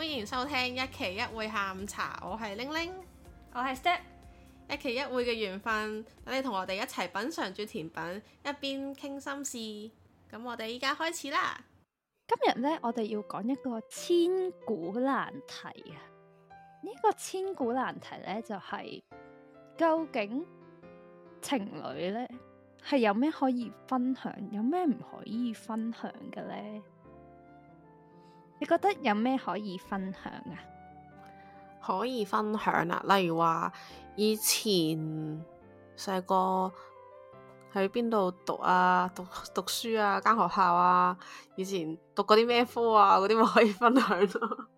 歡迎收聽一期一會下午茶，我係玲玲，我係 Step，一期一會嘅緣分，等你同我哋一齊品嘗住甜品，一邊傾心事。咁我哋依家開始啦。今日呢，我哋要講一個千古難題。呢個千古難題呢，就係究竟情侶呢係有咩可以分享，有咩唔可以分享嘅呢？你覺得有咩可以分享啊？可以分享啦、啊，例如話以前細個喺邊度讀啊，讀讀書啊，間學校啊，以前讀過啲咩科啊，嗰啲咪可以分享咯、啊。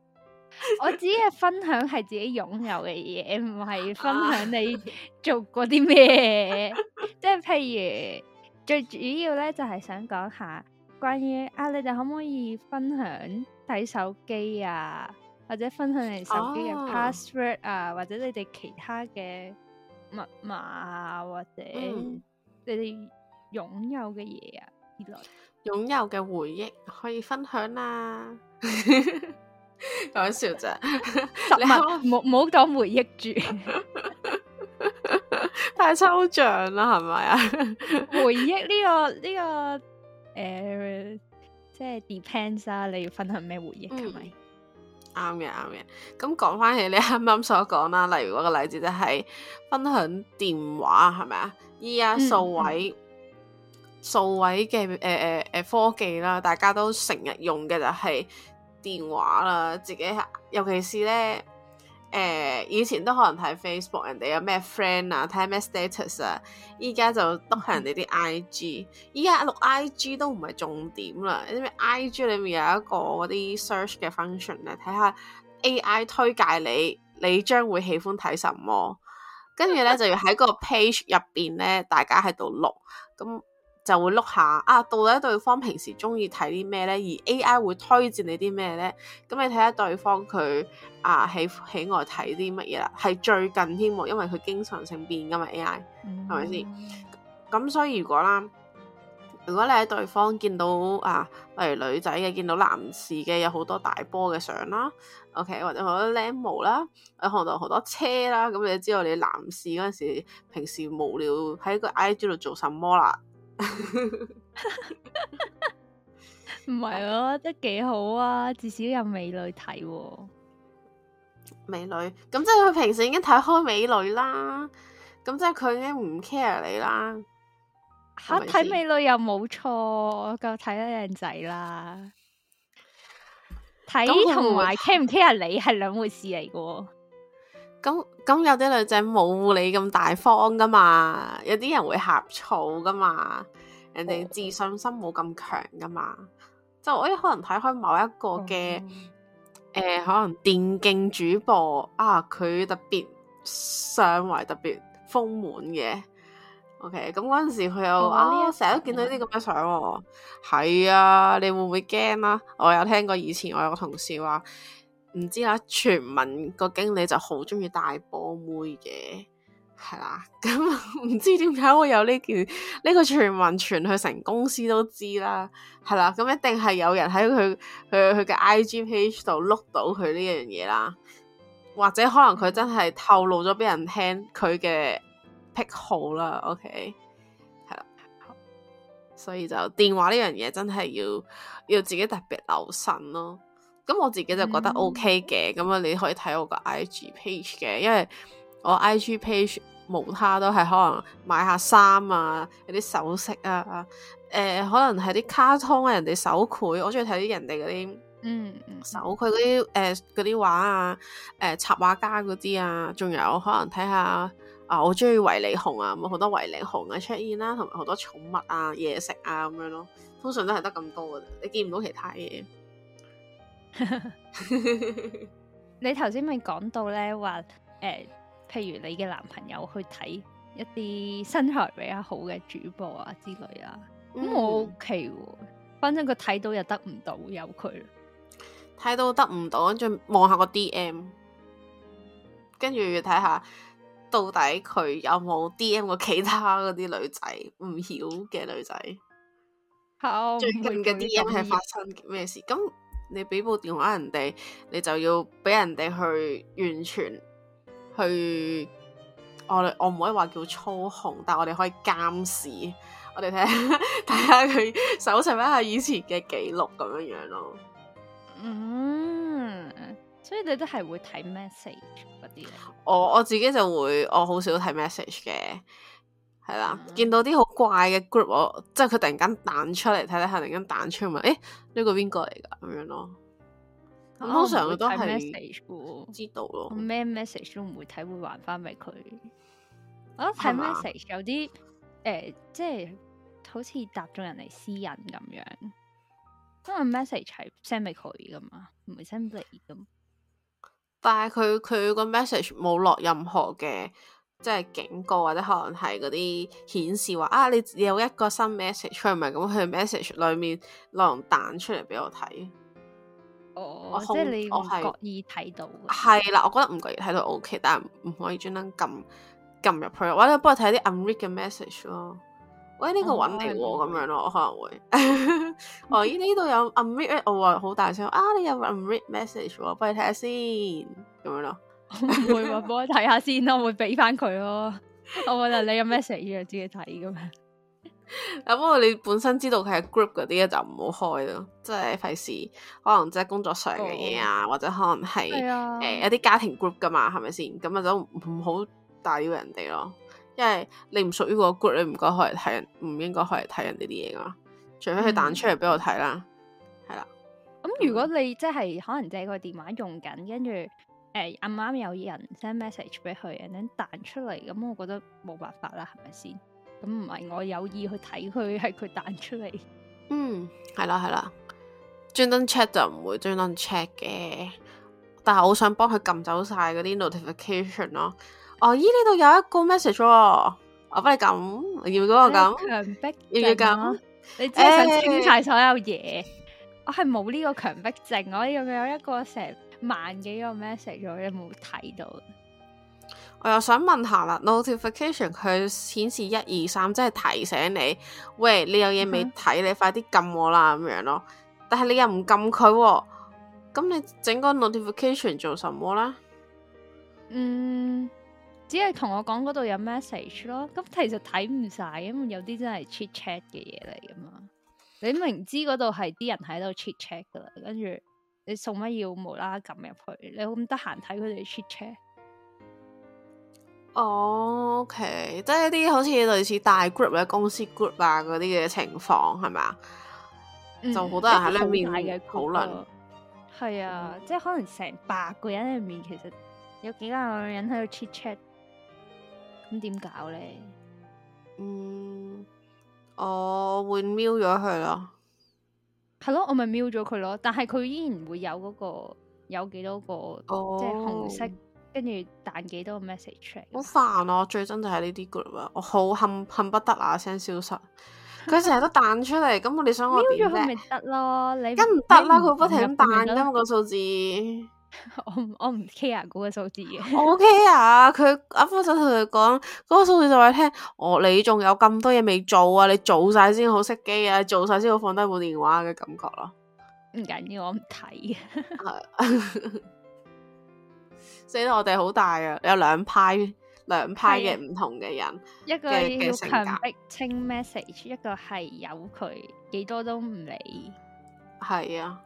我只係分享係自己擁有嘅嘢，唔係分享你做過啲咩。即係 譬如最主要咧，就係、是、想講下。關於啊，你哋可唔可以分享睇手機啊，或者分享你手機嘅 password 啊，或者你哋其他嘅密碼啊，或者你哋擁有嘅嘢，啊原來，擁有嘅回憶可以分享啦。講笑啫 物你冇冇講回憶住， 太抽象啦，係咪啊？ 回憶呢個呢個。這個這個這個這個誒，即係、uh, depends 啊，你要分享咩回憶係咪？啱嘅，嗯，啱嘅。咁講翻起你啱啱所講啦，例如嗰個例子就係分享電話係咪啊？依家數位、嗯嗯、數位嘅誒誒誒科技啦，大家都成日用嘅就係電話啦，自己尤其是咧。誒、欸、以前都可能睇 Facebook，人哋有咩 friend 啊，睇咩 status 啊。依家就都係人哋啲 IG。依家錄 IG 都唔係重點啦。因為 IG 裏面有一個嗰啲 search 嘅 function 咧，睇下 AI 推介你，你將會喜歡睇什麼。跟住咧就要喺個 page 入邊咧，大家喺度錄。咁。就會碌下啊，到底對方平時鍾意睇啲咩咧？而 AI 會推薦你啲咩咧？咁你睇下對方佢啊，喜喜愛睇啲乜嘢啦？係最近添喎，因為佢經常性變㗎嘛。AI 係咪先咁？Hmm. 是是所以如果啦，如果你喺對方見到啊，例如女仔嘅見到男士嘅有好多大波嘅相啦，OK，或者好多靚模啦，看到好多車啦，咁你都知道你男士嗰陣時平時無聊喺個 IG 度做什麼啦。唔係，我覺得幾好啊，至少有美女睇喎。美女，咁即係佢平時已經睇開美女啦。咁即係佢已經唔 care 你啦。吓睇美女又冇錯，夠睇得靚仔啦。睇同埋 care 唔 care 你係兩回事嚟嘅。咁咁有啲女仔冇你咁大方噶嘛，有啲人會呷醋噶嘛，人哋自信心冇咁強噶嘛，就我可，可能睇開某一個嘅誒、嗯欸，可能電競主播啊，佢特別上圍特別豐滿嘅，OK，咁嗰陣時佢又、嗯、啊，成日、啊、都見到啲咁嘅相喎，係、嗯、啊，你會唔會驚啊？我有聽過以前我有個同事話。唔知啊，傳聞個經理就好中意大波妹嘅，係啦，咁、嗯、唔知點解會有呢件呢、呢個傳聞傳去成公司都知啦，係啦，咁、嗯、一定係有人喺佢佢佢嘅 IG page 度碌到佢呢樣嘢啦，或者可能佢真係透露咗俾人聽佢嘅癖好啦，OK，係啦，所以就電話呢樣嘢真係要要自己特別留神咯。咁我自己就覺得 OK 嘅，咁啊、嗯、你可以睇我個 IG page 嘅，因為我 IG page 無他都係可能買下衫啊，有啲首飾啊，誒、呃、可能係啲卡通啊人哋手繪，我中意睇啲人哋嗰啲嗯手繪嗰啲誒啲畫啊，誒、呃、插畫家嗰啲啊，仲有可能睇下啊我中意維尼熊啊，咁好多維尼熊啊出現啦，同埋好多寵物啊、嘢食啊咁樣咯，通常都係得咁多嘅，你見唔到其他嘢。 你頭先咪講到咧，話誒、呃，譬如你嘅男朋友去睇一啲身材比較好嘅主播啊之類啊，咁我 OK 喎，反正佢睇到又得唔到，有佢睇到得唔到，跟住望下個 D M，跟住要睇下到底佢有冇 D M 過其他嗰啲女仔，唔曉嘅女仔，好，最近嘅 D M 係發生咩事咁？ 你俾部電話人哋，你就要俾人哋去完全去我哋，我唔可以話叫操控，但係我哋可以監視，我哋睇下睇下佢搜尋一下以前嘅記錄咁樣樣咯。嗯，所以你都係會睇 message 嗰啲。我我自己就會，我好少睇 message 嘅。係啦，嗯、見到啲好怪嘅 group，我即係佢突然間彈出嚟睇睇下，突然間彈出咪，誒呢個邊個嚟噶咁樣咯。咁通常佢都係 message 知道咯，咩 message 都唔會睇，會還翻俾佢。我覺得睇 message 有啲誒、呃，即係好似搭咗人嚟私隱咁樣，因為 message 係 send 俾佢噶嘛，唔會 send 俾噶。但係佢佢個 message 冇落任何嘅。即係警告或者可能係嗰啲顯示話啊，你有一個新 message，佢唔係咁去 message 裡面內容彈出嚟俾我睇。哦、oh, 控，即係你唔覺意睇到。係啦，我覺得唔覺意睇到 O、OK, K，但係唔可以專登撳撳入去。或者不如睇啲 unread 嘅 message 咯。喂，呢、這個揾嚟喎咁樣咯，我可能會。 哦，依呢度有 unread，我話好大聲啊！你有 unread message 喎，快睇先咁樣咯。唔 會話幫我睇下先咯，我會俾翻佢咯。我覺得你有咩嘢需要自己睇噶嘛？咁不過你本身知道佢係 group 嗰啲咧，就唔好開咯，即係費事可能即係工作上嘅嘢啊，或者可能係誒一啲家庭 group 噶嘛，係咪先？咁啊就唔好打擾人哋咯，因為你唔屬於個 group，你唔該開嚟睇人，唔應該開嚟睇人哋啲嘢噶嘛。除非佢彈出嚟俾我睇啦，係啦。咁如果你即係可能借個電話用緊，跟住。誒，啱啱、哎、有人 send message 俾佢，然後彈出嚟，咁我覺得冇辦法啦，係咪先？咁唔係我有意去睇佢，係佢彈出嚟。嗯，係啦係啦，專登 check 就唔會，專登 check 嘅。但係我想幫佢撳走晒嗰啲 notification 咯。哦咦，呢度有一個 message 喎、啊，我幫你撳，你，看看你、啊、要唔要我撳？強迫？要唔要撳？你自己想清晒所有嘢。欸、我係冇呢個強迫症、啊，我要唔要有一個成？萬幾個 message，我有冇睇到？我又想問下啦，notification 佢顯示一二三，即係提醒你，喂，你有嘢未睇，嗯、哼你快啲撳我啦咁樣咯。但係你又唔撳佢，咁你整個 notification 做什麼啦？嗯，只係同我講嗰度有 message 咯。咁其實睇唔晒，因為有啲真係 chit chat 嘅嘢嚟噶嘛。你明知嗰度係啲人喺度 chit chat 噶啦，跟住。你送乜要無啦啦撳入去？你好唔得閒睇佢哋 chat chat？哦，OK，即係一啲好似類似大 group 或者公司 group 啊嗰啲嘅情況係咪啊？就好、嗯、多人喺裏面嘅討論，係啊，即係可能成百個人喺面，其實有幾廿個人喺度 ch chat chat，咁點搞咧？嗯，我會瞄咗佢咯。係 咯，我咪瞄咗佢咯，但係佢依然會有嗰、嗰個有幾多個、oh. 即係紅色，跟住彈幾多個 message 出嚟。煩啊、好煩，我最憎就係呢啲 group 啊！我好恨，恨不得啊聲，消失，佢成日都彈出嚟，咁我哋想瞄咗佢咪得咯，你跟唔得啦，佢不，不停咁彈噶嘛、啊那個數字。我我唔 care 嗰個數字嘅，我 care 佢阿夫想同佢講嗰個數字、， 啊那個、字就話聽，我、哦、你仲有咁多嘢未做啊？你做晒先好熄機啊，做晒先好放低部電話嘅感覺咯。唔緊要，我唔睇。 死得我哋好大啊，有兩派兩派嘅唔同嘅人，是的一個要強迫清 message，一個係有佢幾多都唔理。係啊。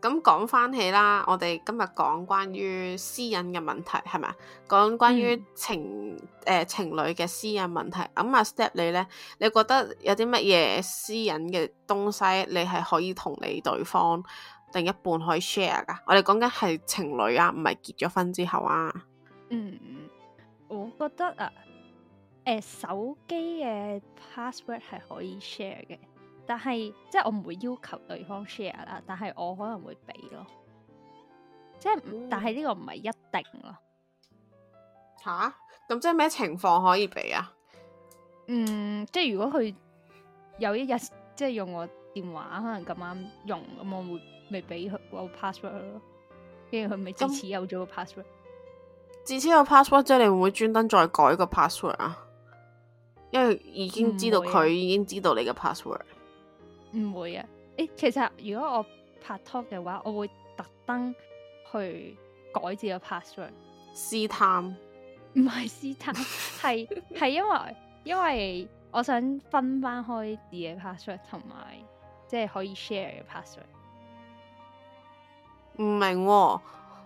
咁講翻起啦，我哋今日講關於私隱嘅問題，係咪啊？講關於情誒、嗯呃、情侶嘅私隱問題。咁啊，Step 你呢，你覺得有啲乜嘢私隱嘅東西，你、呃、係可以同你對方另一半可以 share 噶？我哋講緊係情侶啊，唔係結咗婚之後啊。嗯，我覺得啊，誒、呃、手機嘅 password 係可以 share 嘅。但係即係我唔會要求對方 share 啦，但係我可能會俾咯，即係但係呢個唔係一定咯。吓、啊？咁即係咩情況可以俾啊？嗯，即係如果佢有一日即係用我電話，可能咁啱用，咁我會未俾佢我 password 咯，因為佢咪自此有咗個 password、嗯。自此有 password，即係你會唔會專登再改個 password 啊？因為已經知道佢已經知道你嘅 password。唔會啊！誒，其實如果我拍拖嘅話，我會特登去改自己 password。試探？唔係試探，係係 因為因為我想分翻開自己 password 同埋即係可以 share 嘅 password。唔明、哦？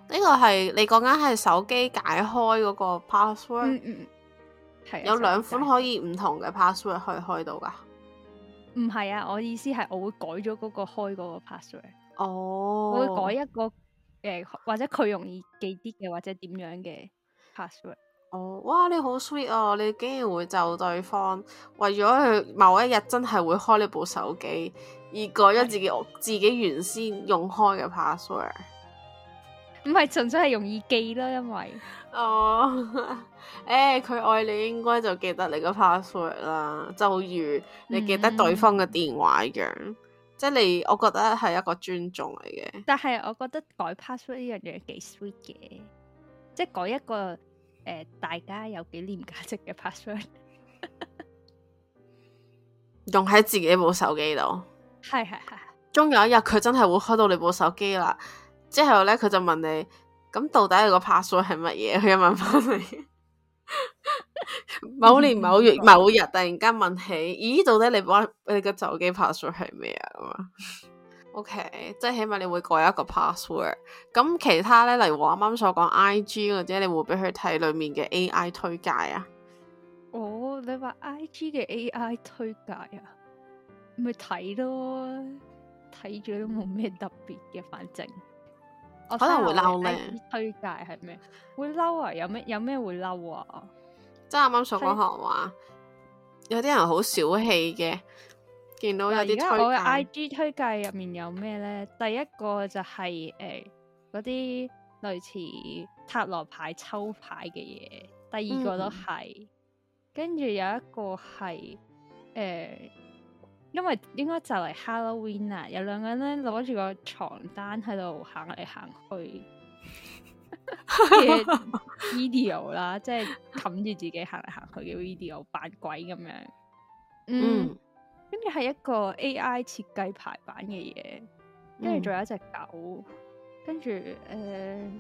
呢、這個係你講緊係手機解開嗰個 password？、嗯嗯啊、係有兩款可以唔同嘅 password 可以開到噶。唔係啊，我意思係我會改咗嗰個開嗰個 password。哦，oh. 我會改一個誒、呃，或者佢容易記啲嘅，或者點樣嘅 password。哦，oh. 哇，你好 sweet 哦！你竟然會就對方為咗佢某一日真係會開呢部手機而改咗自己對自己原先用開嘅 password。唔係純粹係容易記咯，因為哦、oh, 欸，誒，佢愛你應該就記得你個 password 啦，就如你記得對方嘅電話一樣，嗯、即係你，我覺得係一個尊重嚟嘅。但係我覺得改 password 呢樣嘢幾 sweet 嘅，即係改一個誒、呃，大家有紀念價值嘅 password， 用喺自己部手機度，係係係，終有一日佢真係會開到你部手機啦。之後咧，佢就問你，咁到底你個 password 係乜嘢？佢問翻你， 某年某月 某日突然間問起，咦，到底你把你個手機 password 係咩啊？咁 啊，OK，即係起碼你會改一個 password。咁其他咧，例如我啱啱所講 IG 或者你會俾佢睇裏面嘅 AI 推介啊？哦，你話 IG 嘅 AI 推介啊？咪睇咯，睇咗都冇咩特別嘅，反正。我我可能會嬲咧， 推介係咩？會嬲啊？有咩有咩會嬲啊？即係啱啱想講話，有啲人好小氣嘅，見到有啲推介。而家我 I G 推介入面有咩咧？第一個就係誒嗰啲類似塔羅牌抽牌嘅嘢，第二個都係，嗯、跟住有一個係誒。呃因為應該就嚟 Halloween 啊，有兩個人咧攞住個床單喺度行嚟行去嘅 video 啦，即係冚住自己行嚟行去嘅 video 扮鬼咁樣。嗯，跟住係一個 AI 設計排版嘅嘢，跟住仲有一隻狗，跟住誒，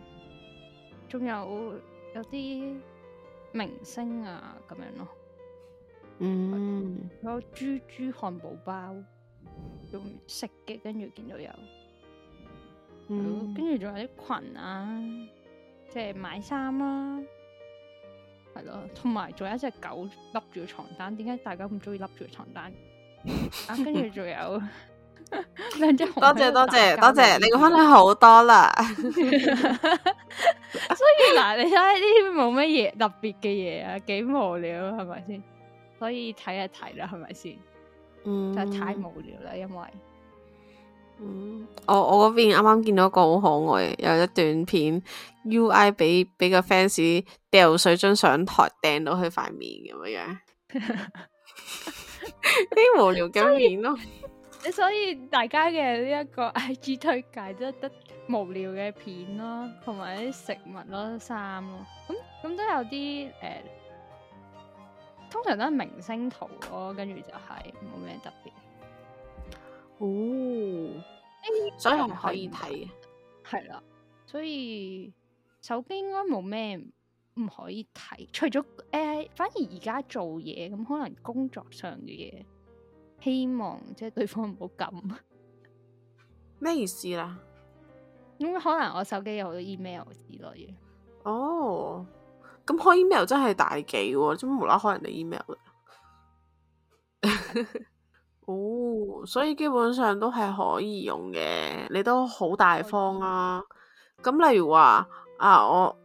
仲、呃、有有啲明星啊咁樣咯。嗯，有豬豬漢堡包，用食嘅，跟住見到有，嗯，跟住仲有啲裙啊，即係買衫啦，係咯，同埋仲有一隻狗笠住個床單，點解大家咁中意笠住個床單？ 啊，跟住仲有兩隻多謝多謝、嗯、多謝，你嘅分享好多 啦。所以嗱，你睇下呢啲冇乜嘢特別嘅嘢啊，幾無聊係咪先？是可以睇一睇啦，係咪先？嗯，就太無聊啦，因為嗯我我嗰邊啱啱見到一個好可愛，有一段片 U I 俾俾個 fans 掉水樽上台掟到佢塊面咁樣啲 無聊膠片咯。你 所以大家嘅呢一個 I G 推介都得無聊嘅片咯，同埋啲食物咯、衫咯，咁咁都有啲誒。呃通常都係明星圖咯、哦，跟住就係冇咩特別。哦，所以唔可以睇嘅，係啦，所以手機應該冇咩唔可以睇，除咗誒、呃，反而而家做嘢咁，可能工作上嘅嘢，希望即係、就是、對方唔好撳。咩 意思啦？咁可能我手機有好多 email 之類嘅。哦。咁開 email 真係大忌喎，咁無啦啦開人哋 email 嘅， 哦，所以基本上都係可以用嘅，你都好大方啊！咁例如話啊，我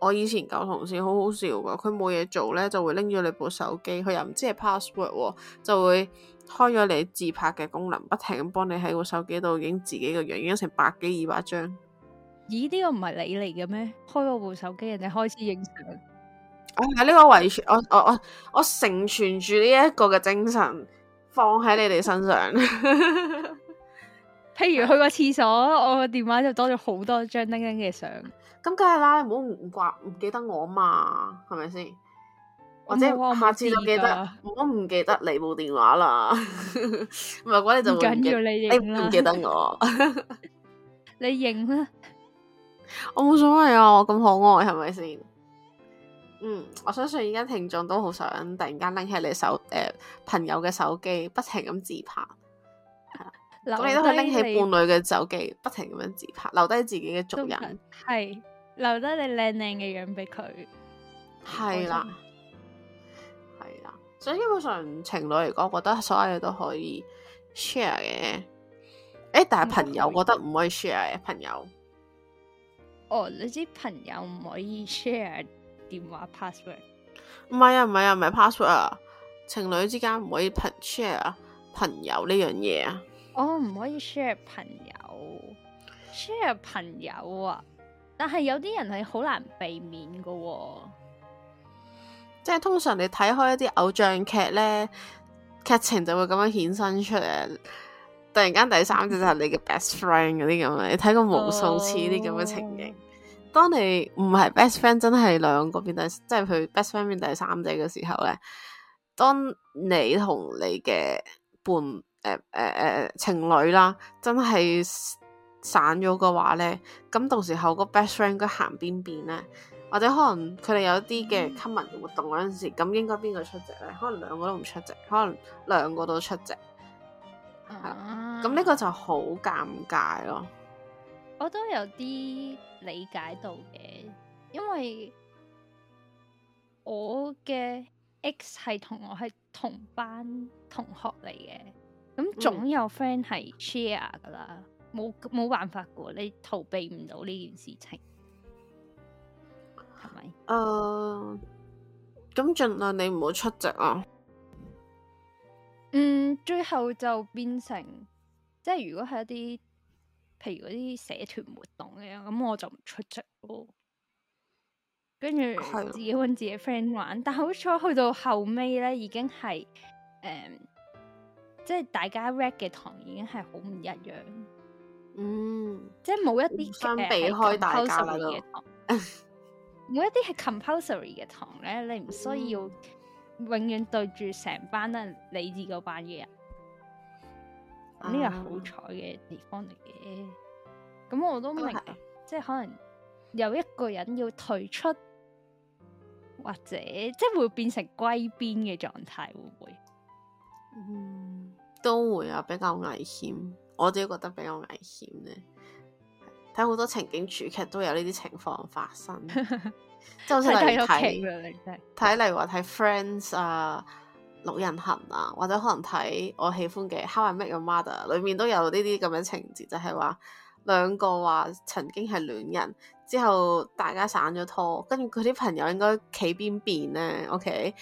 我以前舊同事好好笑噶，佢冇嘢做咧，就會拎咗你部手機，佢又唔知係 password，就會開咗你自拍嘅功能，不停咁幫你喺個手機度影自己個樣，影咗成百幾二百張。咦？呢、這個唔係你嚟嘅咩？開我部手機，人哋開始影相、哦。我係呢個遺存，我我我我成全住呢一個嘅精神，放喺你哋身上。 譬如去個廁所，我個電話就多咗好多張叮叮嘅相。咁梗係啦，唔好唔掛唔記得我嘛，係咪先？嗯、或者我下次就記得、啊、我唔記得你部電話 啦。唔係話你就唔緊要你唔記得我， 你認啦。我冇所謂啊，我咁可愛係咪先？嗯，我相信而家聽眾都好想突然間拎起你手誒、呃，朋友嘅手機不停咁自拍，咁你都可以拎起伴侶嘅手機你不停咁樣自拍，留低自己嘅足印，係留低你靚靚嘅樣俾佢，係啦，係啦，所以基本上情侶嚟講，我覺得所有嘢都可以 share 嘅，誒、欸，但係朋友覺得唔可以 share 嘅，朋友。哦，你知朋友唔可以 share 電話 password？唔係啊，唔係啊，唔係 password 啊！情侶之間唔可以平 share 朋友呢樣嘢啊！哦，唔可以 share 朋友，share 朋友啊！但係有啲人係好難避免噶、哦，即係通常你睇開一啲偶像劇咧，劇情就會咁樣衍生出嚟。突然間第三者就係你嘅 best friend 嗰啲咁啊，你睇過無數次啲咁嘅情景。當你唔係 best friend，真係兩個變第，即係佢 best friend 變第三者嘅時候咧，當你同你嘅伴誒誒誒情侶啦，真係散咗嘅話咧，咁到時候個 best friend 應該行邊邊咧？或者可能佢哋有一啲嘅 common 嘅活動嗰陣時，咁應該邊個出席咧？可能兩個都唔出席，可能兩個都出席。係咁呢個就好尷尬咯。我都有啲理解到嘅，因為我嘅 X 係同我係同班同學嚟嘅，咁總有 friend 係 share 噶啦，冇冇、嗯、辦法噶，你逃避唔到呢件事情，係咪？誒、呃，咁盡量你唔好出席啊。嗯，最後就變成即係如果係一啲，譬如嗰啲社團活動咧，咁我就唔出席咯。跟住自己搵自己 friend 玩，的但好彩去到後尾咧，已經係誒，即係大家 rap 嘅堂已經係好唔一樣。嗯，即係冇一啲相、嗯、比開、uh, 大家如果課 一啲係 compulsory 嘅堂咧，你唔需要、嗯。永遠對住成班咧，你自個班嘅人，呢個好彩嘅地方嚟嘅。咁、啊、我都明，是即係可能有一個人要退出，或者即係會變成歸邊嘅狀態，會唔會？嗯，都會啊，比較危險。我都覺得比較危險咧。睇好多情景主劇都有呢啲情況發生。 即係我睇嚟睇，嚟話睇 Friends 啊，六人行啊，或者可能睇我喜歡嘅 How I Met Your Mother，裏面都有呢啲咁嘅情節，就係話兩個話曾經係戀人，之後大家散咗拖，跟住佢啲朋友應該企邊邊呢？OK，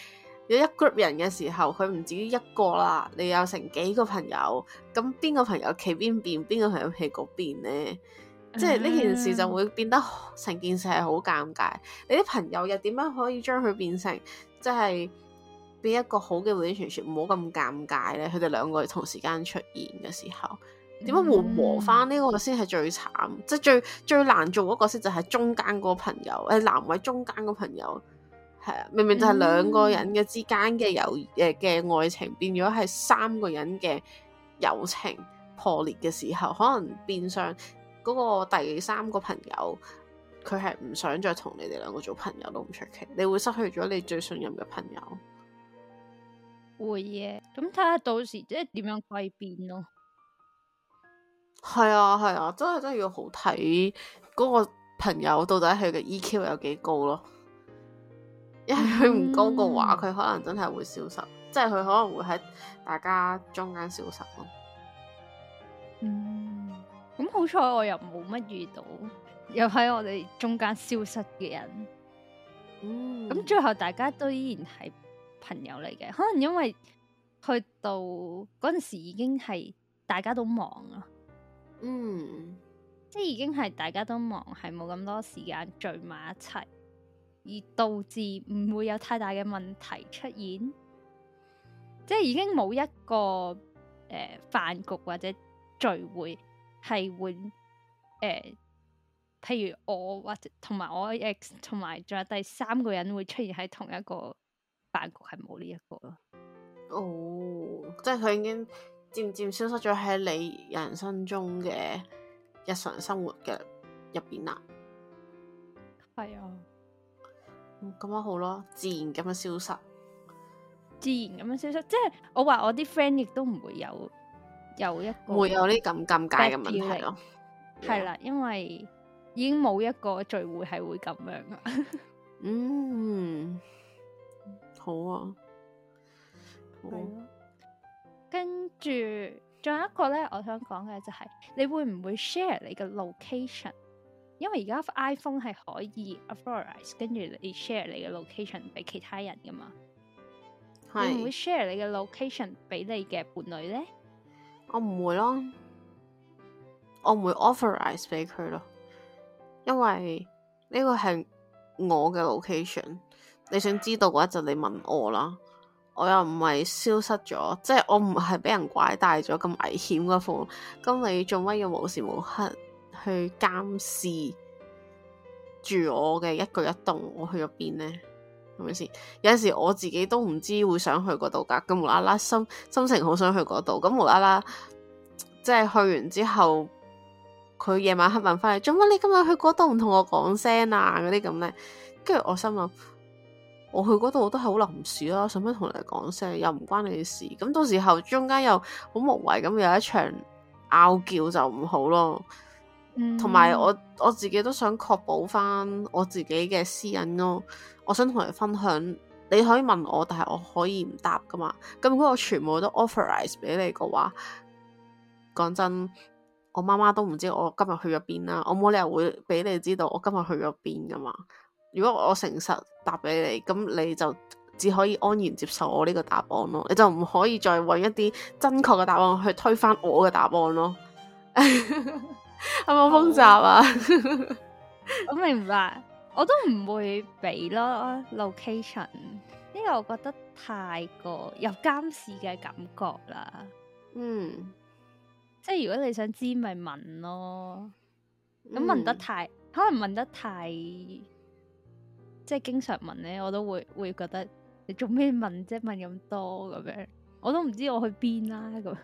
如果一 group 人嘅時候，佢唔止一個啦，你有成幾個朋友，咁邊個朋友企邊邊，邊個朋友喺嗰邊呢？即係呢、mm hmm. 件事就會變得成件事係好尷尬。你啲朋友又點樣可以將佢變成即係、就是、變一個好嘅 relationship，唔好咁尷尬咧？佢哋兩個同時間出現嘅時候，點樣緩和翻呢個先係最慘，mm hmm. 即係最最難做嗰個角色就係中間個朋友誒，難為中間個朋友係啊，明明就係兩個人嘅之間嘅友誒嘅、mm hmm. 呃、愛情變咗係三個人嘅友情破裂嘅時候，可能變相。嗰個第三個朋友，佢係唔想再同你哋兩個做朋友都唔出奇，你會失去咗你最信任嘅朋友。會嘅，咁睇下到時即係點樣改變咯。係啊係啊，真係真係要好睇嗰個朋友到底佢嘅 EQ 有幾高咯。因為佢唔高嘅話，佢、嗯、可能真係會消失，即係佢可能會喺大家中間消失咯。嗯。咁好彩我又冇乜遇到，又喺我哋中間消失嘅人。咁、mm. 最後大家都依然係朋友嚟嘅，可能因為去到嗰陣時已經係大家都忙啦。嗯，mm. 即係已經係大家都忙，係冇咁多時間聚埋一齊，而導致唔會有太大嘅問題出現。即係已經冇一個誒呃、飯局或者聚會。係會誒、呃，譬如我或者同埋我 ex，同埋仲有第三個人會出現喺同一個飯局，係冇呢一個咯。哦，即係佢已經漸漸消失咗喺你人生中嘅日常生活嘅入邊啦。係啊，咁樣好咯，自然咁樣消失，自然咁樣消失。即係我話我啲 friend 亦都唔會有。有一個會有啲咁尷尬嘅問題咯、啊，係啦，因為已經冇一個聚會係會咁樣噶。 嗯，好啊，好咯、啊。的跟住仲有一個咧，我想講嘅就係、是、你會唔會 share 你嘅 location？因為而家 iPhone 係可以 authorize 跟住你 share 你嘅 location 俾其他人噶嘛，是會唔會 share 你嘅 location 俾你嘅伴侶咧？我唔會咯，我唔會 authorize 俾佢咯，因為呢個係我嘅 location。你想知道嘅話就你問我啦。我又唔係消失咗，即係我唔係俾人拐帶咗咁危險嘅款。咁你做乜要無時無刻去監視住我嘅一舉一動？我去咗邊呢？係咪先？有陣時我自己都唔知會想去嗰度噶，咁無啦啦心心情好想去嗰度，咁無啦啦，即係去完之後，佢夜晚黑問翻嚟，做乜？你今日去嗰度唔同我講聲啊？嗰啲咁咧，跟住我心諗，我去嗰度我都係好臨時咯，使乜同你講聲？又唔關你事，咁到時候中間又好無謂咁有一場拗叫就唔好咯。同埋我我自己都想確保翻我自己嘅私隱咯。我想同你分享，你可以問我，但係我可以唔答噶嘛。咁如果我全部都 authorize 俾你嘅話，講真，我媽媽都唔知我今日去咗邊啦。我冇理由會俾你知道我今日去咗邊噶嘛。如果我誠實答俾你，咁你就只可以安然接受我呢個答案咯。你就唔可以再搵一啲正確嘅答案去推翻我嘅答案咯。有冇複雜啊？我明白。我都唔會俾咯，location 呢、呢個我覺得太過有監視嘅感覺啦。嗯，即係如果你想知咪問咯，咁問得太、嗯、可能問得太，即係經常問咧，我都會會覺得你做咩問啫？問咁多咁樣，我都唔知我去邊啦咁。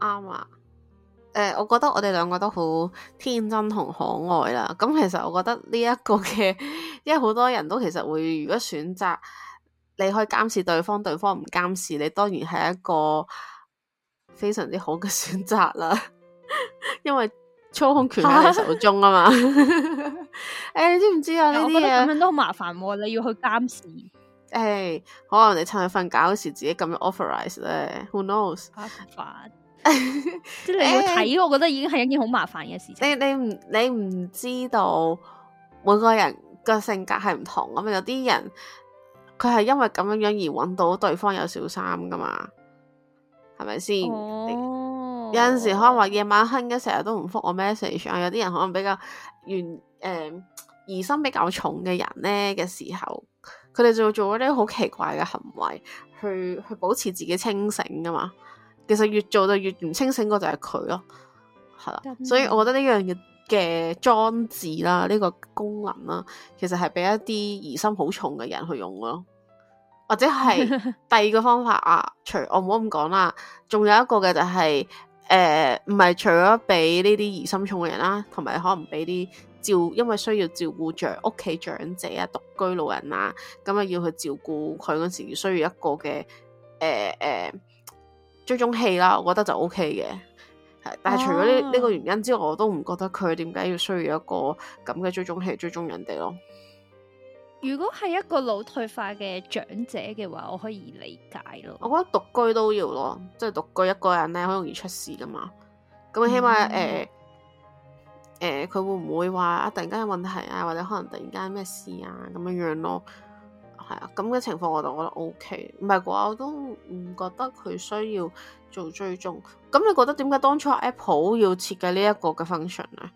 啱啊！嗯 誒、欸，我覺得我哋兩個都好天真同可愛啦。咁、嗯、其實我覺得呢一個嘅，因為好多人都其實會，如果選擇你可以監視對方， 對方唔監視你，當然係一個非常之好嘅選擇啦。 因為操控權喺你手中啊嘛。誒、啊 欸，你知唔知啊？你覺得咁樣都好麻煩，你要去監視。誒，可能你趁佢瞓覺嗰時自己咁樣 authorize 咧，who knows？不怕不怕 你要睇看，欸、我覺得已經係一件好麻煩嘅事情。你你你唔你唔知道每個人嘅性格係唔同啊嘛，有啲人佢係因為咁樣樣而搵到對方有小三噶嘛，係咪先？哦、有陣時可能話夜晚黑嘅成日都唔覆我 message 啊，有啲人可能比較原誒疑心比較重嘅人咧嘅時候，佢哋就會做嗰啲好奇怪嘅行為去去保持自己清醒噶嘛。其實越做就越唔清醒，個就係佢咯，係啦。所以我覺得呢樣嘢，嘅裝置啦，呢、呢個功能啦，其實係俾一啲疑心好重嘅人去用咯，或者係第二個方法 啊，除我唔好咁講啦，仲有一個嘅就係、係、誒，唔、呃、係除咗俾呢啲疑心重嘅人啦，同埋可能俾啲照，因為需要照顧着屋企長者啊、獨居老人啊，咁啊要去照顧佢嗰時，需要一個嘅誒誒。呃呃追蹤器啦，我覺得就 OK 嘅，但係除咗呢呢個原因之外，我都唔覺得佢點解要需要一個咁嘅追蹤器追蹤人哋咯。如果係一個腦退化嘅長者嘅話，我可以理解咯。我覺得獨居都要咯，即係獨居一個人咧，好容易出事噶嘛。咁起碼誒誒，佢、mm. 呃呃、會唔會話啊？突然間有問題啊，或者可能突然間咩事啊咁樣樣咯。係啊，咁嘅情況我就覺得 OK，唔係啩？我都唔覺得佢需要做追蹤。咁你覺得點解當初 Apple 要設計呢一個嘅 function 咧？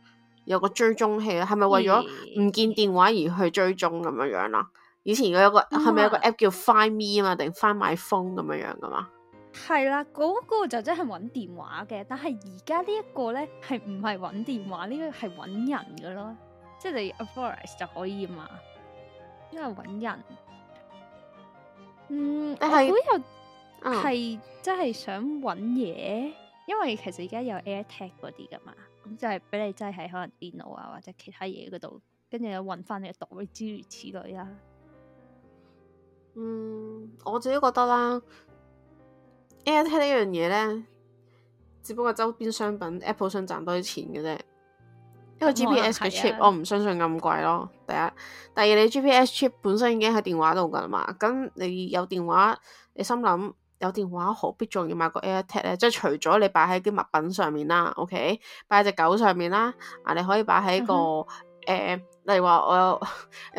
有個追蹤器咧，係咪為咗唔見電話而去追蹤咁樣樣啦？以前有個係咪有個 app 叫 Find Me 啊嘛，定 Find My Phone 咁樣樣噶嘛？係啦，嗰個就真係揾電話嘅，但係而家呢一個咧係唔係揾電話呢？係揾人嘅咯，即係你 Affairs 就可以嘛，因為揾人。嗯，是我好係、啊、真係想揾嘢，因為其實而家有 AirTag 嗰啲噶嘛，咁就係、是、俾你真係可能電腦啊或者其他嘢嗰度，跟住又揾翻你嘅袋，諸如此類啦、啊。嗯，我自己覺得啦，AirTag 呢樣嘢咧，只不過周邊商品 Apple 想賺多啲錢嘅啫。呢個 GPS 嘅 chip，我唔相信咁貴咯。第一，第二，你 GPS chip 本身已經喺電話度噶啦嘛。咁你有電話，你心諗有電話何必仲要買個 AirTag 咧？即係除咗你擺喺啲物品上面啦，OK，擺喺隻狗上面啦。啊，你可以擺喺個誒、 呃，例如話我有，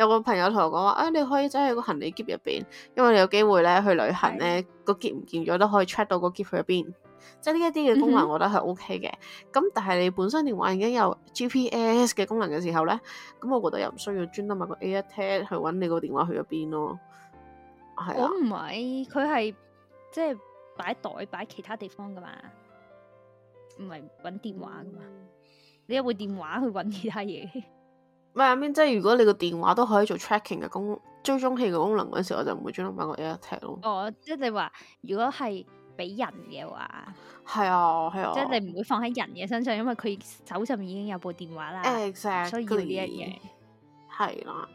有個朋友同我講話，誒、啊，你可以走喺個行李篋入邊，因為你有機會咧去旅行咧，的個篋唔見咗都可以 check 到個篋入邊。即係呢一啲嘅功能，我覺得係 O K 嘅。咁、嗯、哼但係你本身電話已經有 G P S 嘅功能嘅時候咧，咁我覺得又唔需要專登買個 AirTag 去揾你個電話去咗邊咯。係、啊啊、我唔係，佢係即係擺袋、擺其他地方噶嘛，唔係揾電話噶嘛，嗯、你有部電話去揾其他嘢。咪阿 m 即係如果你個電話都可以做 tracking 嘅功追蹤器嘅功能嗰時，我就唔會專登買個 AirTag 咯。哦，即係你話如果係。俾人嘅話，係啊係啊，即係、啊、你唔會放喺人嘅身上，因為佢手上面已經有部電話啦，所以呢一樣係啦。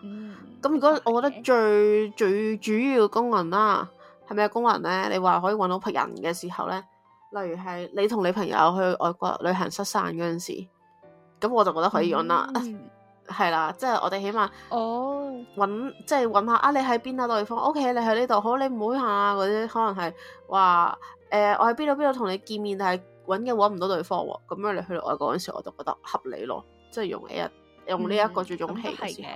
咁如果我覺得最的最，最主要功能啦，係咪啊功能咧？你話可以搵到人嘅時候咧，例如係你同你朋友去外國旅行失散嗰陣時，咁我就覺得可以用啦。嗯係啦，即係我哋起碼揾、oh，即係揾下啊，你喺邊、okay，啊？對方，OK，你喺呢度，好你唔好行啊？嗰啲可能係話誒，我喺邊度邊度同你見面，但係揾嘅揾唔到對方喎、啊。咁樣你去到外國嗰陣時，我就覺得合理咯，即係用一用呢一個最重氣嘅。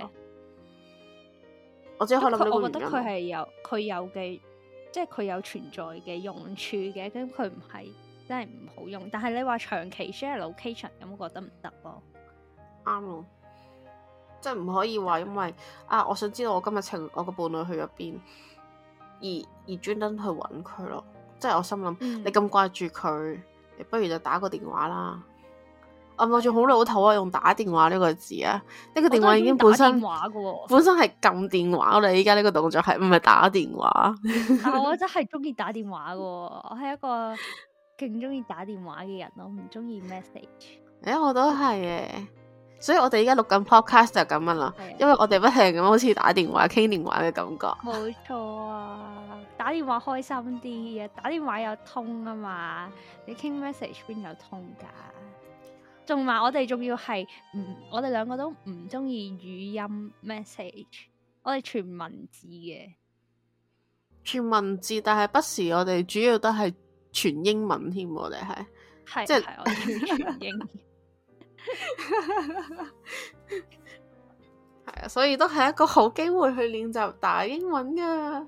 我只可能它覺得佢係有佢有嘅，即係佢有存在嘅用處嘅。咁佢唔係真係唔好用，但係你話長期 share location 咁，我覺得唔得喎，啱喎。即係唔可以話，因為啊，我想知道我今日情我個伴侶去咗邊，而而專登去揾佢咯。即係我心諗，嗯、你咁掛住佢，你不如就打個電話啦。我、啊、仲好老土啊，用打電話呢個字啊，呢、這個電話已經本身電話噶喎、哦，本身係撳電話，我哋依家呢個動作係唔係打電話？ 但我真係中意打電話噶，我係一個勁中意打電話嘅人咯，唔中意 message。誒，我都係嘅。欸所以我哋依家錄緊 Podcast 就咁樣啦，的因為我哋不停咁好似打電話傾電話嘅感覺。冇錯啊，打電話開心啲啊，打電話有通啊嘛，你傾 message 邊有通噶？仲話我哋仲要係唔，我哋兩個都唔中意語音 message，我哋全文字嘅，全文字。但係不時我哋主要都係全英文添，我哋係，即係的、就是、我哋全英文。 係啊， 所以都係一個好機會去練習打英文噶，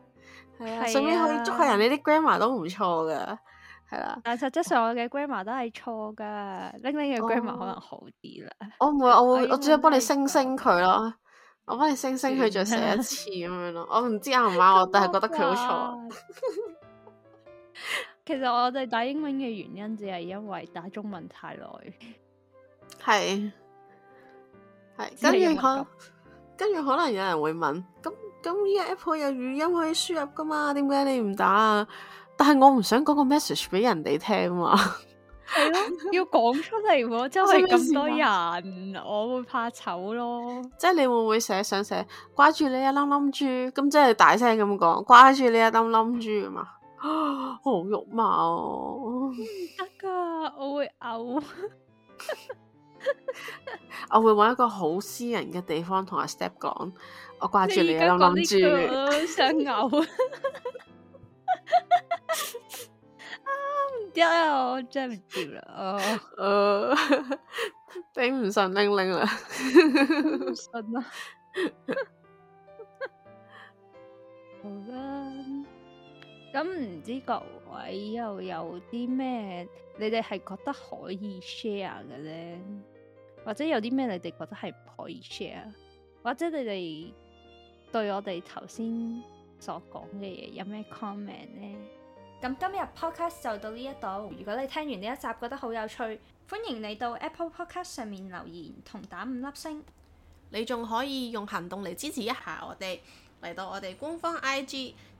順便、啊、可以捉下人呢啲 grammar 都唔錯噶，係啦。但、啊、實質上我嘅 grammar 都係錯噶，玲玲嘅、哦、grammar 可能好啲啦、哦。我會我會我主要幫你升升佢咯，嗯、我幫你升升佢再寫一次咁樣咯。 我唔知啱唔啱我，都係覺得佢好錯。 其實我哋打英文嘅原因，只係因為打中文太耐。 係係，跟住可跟住可能有人會問，咁咁呢個 Apple 有語音可以輸入噶嘛？點解你唔打？但係我唔想講個 message 俾人哋聽嘛。係咯、啊， 要講出嚟，真係咁多人，啊、我會怕醜咯。 即係你會唔會寫想寫掛住你一粒冧豬？咁即係大聲咁講，掛住你一粒冧豬嘛？ 好肉麻哦！得噶， 我會嘔。 我會揾一個好私人嘅地方同阿 Step 講，我掛住你啊，我諗住，想嘔啊！唔掉啊，我真係唔掂啦，頂唔順，拎拎啦，順 啦， 好啦。咁唔知各位又有啲咩？你哋係覺得可以 share 嘅呢？或者有啲咩你哋覺得係唔可以 share，或者你哋對我哋頭先所講嘅嘢有咩 comment 呢？咁今日 podcast 就到呢一度。如果你聽完呢一集覺得好有趣，歡迎你到 Apple Podcast 上面留言同打五粒星。你仲可以用行動嚟支持一下我哋，嚟到我哋官方 IG。